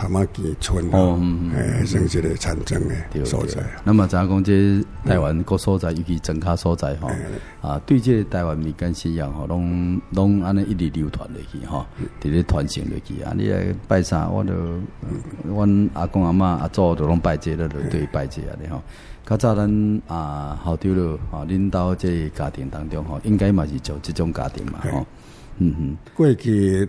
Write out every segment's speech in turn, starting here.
他們幾村誒，甚至係城鎮嘅所在。咁啊，講即台灣各所在，與對其真卡所在嗬，對啊，對，即台灣民間信仰嗬，攏攏安尼一直流傳落去嗬，啲啲傳承落去。啊對，你嚟拜山，我嗯，我阿公阿媽阿祖都攏拜祭落去，對拜祭對啊，你嗬。較、啊、早，咱啊後屌咯，領導即家庭當中嗬，應該嘛係做這種家庭嘛，嗬對，嗯哼，過去。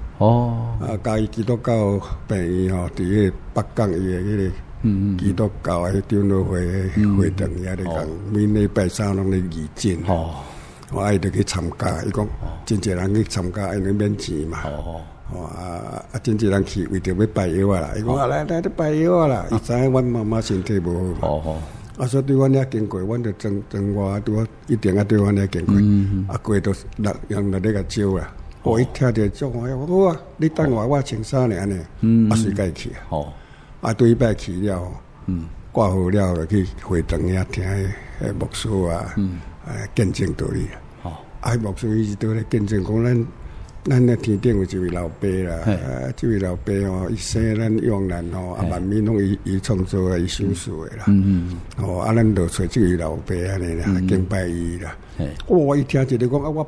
哦，啊！加入基督教病院哦，迄個北港嘅嗰啲基督教嘅長老會會堂，而遐咧講，每禮拜三攏咧義診捐，我愛著去參加。伊講真多人去參加，因為免錢嘛。哦哦，啊！真多人去，為咗去拜妖啦。伊講，阿來奶都拜妖啦。伊知，阮媽媽身體無好。哦哦，阿說對我呢啊經過，我哋尊尊我，對我一定啊對我呢啊經過。嗯嗯，阿貴都用用得呢個啊。我一聽就講：，我話你等我，我穿衫咧，阿誰介去啊？啊對，百去了，掛好了去會堂呀聽誒牧師啊，誒見證到理啊。啊牧師伊都嚟見證講咱咱的天頂有一位老伯啦，這位老伯哦，一生咱用難哦，啊，萬民攏伊伊創造嘅伊修書嘅啦。哦，啊，咱都揣即位老伯安尼啦，敬拜伊啦。我一聽就嚟講啊我。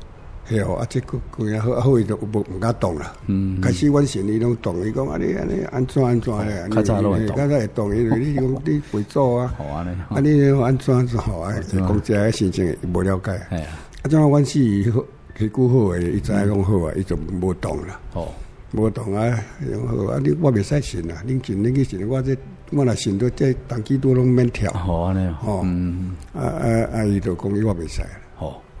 對啊！即個好啊，伊就唔唔敢動啦。嗯。開始阮錢，你攏動，伊講啊！你安尼安怎安怎嘅？你你而家都係動，而家都會動，因為你講你未做啊。好啊咧。啊！你安怎安怎好、哦哦、啊？即講即個心情無了解。係怎、嗯、啊！將個關係以後係顧好嘅，伊知影好啊，伊就無動啦。哦。無動啊！講好啊！你我唔使信啊！你真你去信，我即我若信到即，同幾多攏免跳。好安尼哦。啊、嗯、啊！伊都講，伊我唔使。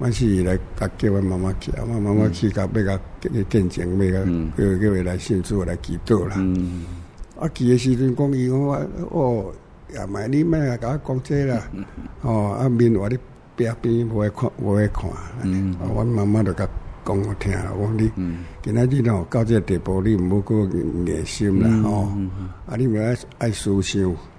阮是來甲叫阮媽媽吃，阮媽媽吃，佢要甲要進前，要佢佢佢來信主來祈禱啦。啊，祈誒時陣講伊講，哦，又唔係啲咩啊，搞講遮啦，哦，啊面話啲壁邊會看會看，阮媽媽著甲講我聽，我你，今仔日你咯到這個地步，你毋好擱硬心啦，哦，啊你毋愛愛思想。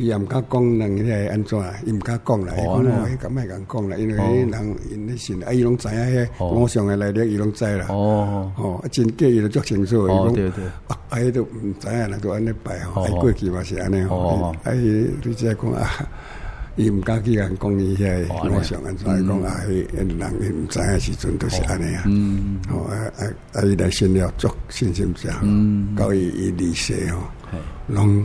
伊也毋敢講人啲係安怎？伊毋敢講啦，佢伊我，咁係咁講啦，因為啲人啲啊伊攏知影迄個偶像來歷，伊攏知啦，哦哦，啊真機伊就足清楚，佢講，啊伊都毋知影。嗱個安尼拜吼，過去嘛是安尼哦，啊伊你即係講啊，伊毋敢去甲人講伊迄個，偶像咁講啊，啲人伊毋知影時陣都是安尼啊，哦啊啊，伊來信了足信心上，到伊伊離世吼，吼攏。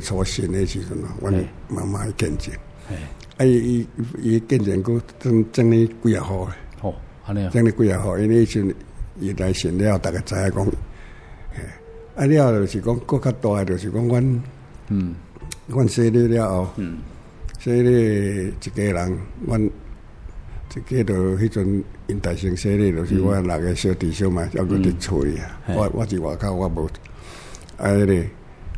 初信的時陣，我哋慢慢去見證。設對。伊伊伊佢見證嗰，整整理幾廿號嘅。好、哦，安呢、啊。整理幾廿號。因為迄時伊來信了後，大家知影講，係，啊！了後就是講更較大嘅，就是講阮，嗯。阮洗禮了後，嗯。洗禮一家人，阮即係到迄陣因大城洗禮，就是我六個小弟小妹猶佫佇厝裏啊。我我佇外口，我無啊！迄個。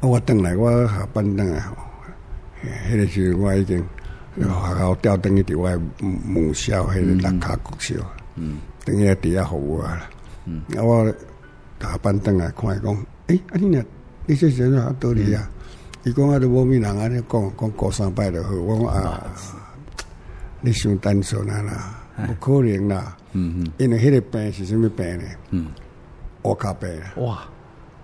我等來我下班轉來迄、迄個時陣我已經、嗯、學校調轉去佇，那個六嗯嗯、我的母校，迄個六甲國小，等於佇遐服務啊。我下班轉來看伊講，哎，阿、欸啊、你你即時好多啲啊！伊講、嗯、我都無咩人，安尼講講高三拜著好。我講啊，啊你傷單純啊啦，唉不可能啦。嗯嗯，因為迄個病是啥物病咧？嗯，烏腳病。嗯、哇！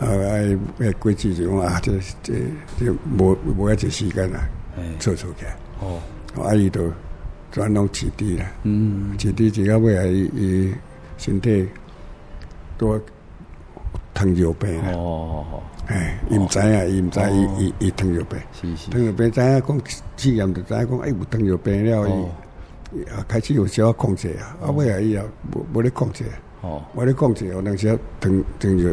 啊！阿阿季志榮啊，即即即無無一節時間啊，做錯嘅。哦，啊，伊姨度轉讓遲啲啦。嗯，遲啲遲啲，因為伊伊身體都糖尿病啊。哦，伊毋知影伊毋知，伊伊伊糖尿病。是是，糖尿病，知影，講試然就知影，講伊有糖尿病了。哦，開始有小控制啊，啊，尾啊，伊也無無咧控制。吼。無咧控制，可能少糖糖尿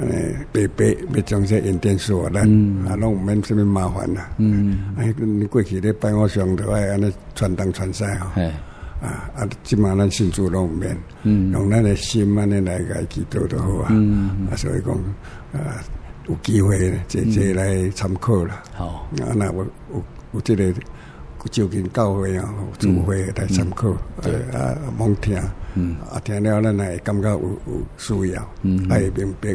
誒，白白要將只用電鎖咱，啊，攏唔免咩麻煩啦。白白白白白嗯，啊，嗯哎、過去咧拜我上頭誒，安尼傳東傳西嗬。係，啊，啊，即晚咱信主攏唔免。嗯。用咱嘅心尼來嚟解祈禱就好啊。嗯啊，所以講，啊，有機會姐姐來參考啦。嗯、好。啊，那我有、這個、有即、這個就近教會啊，聚會來參考。啊啊，罔聽。嗯。啊，嗯啊，聽了會，咱嚟感覺有有需要。嗯。啊，會明白。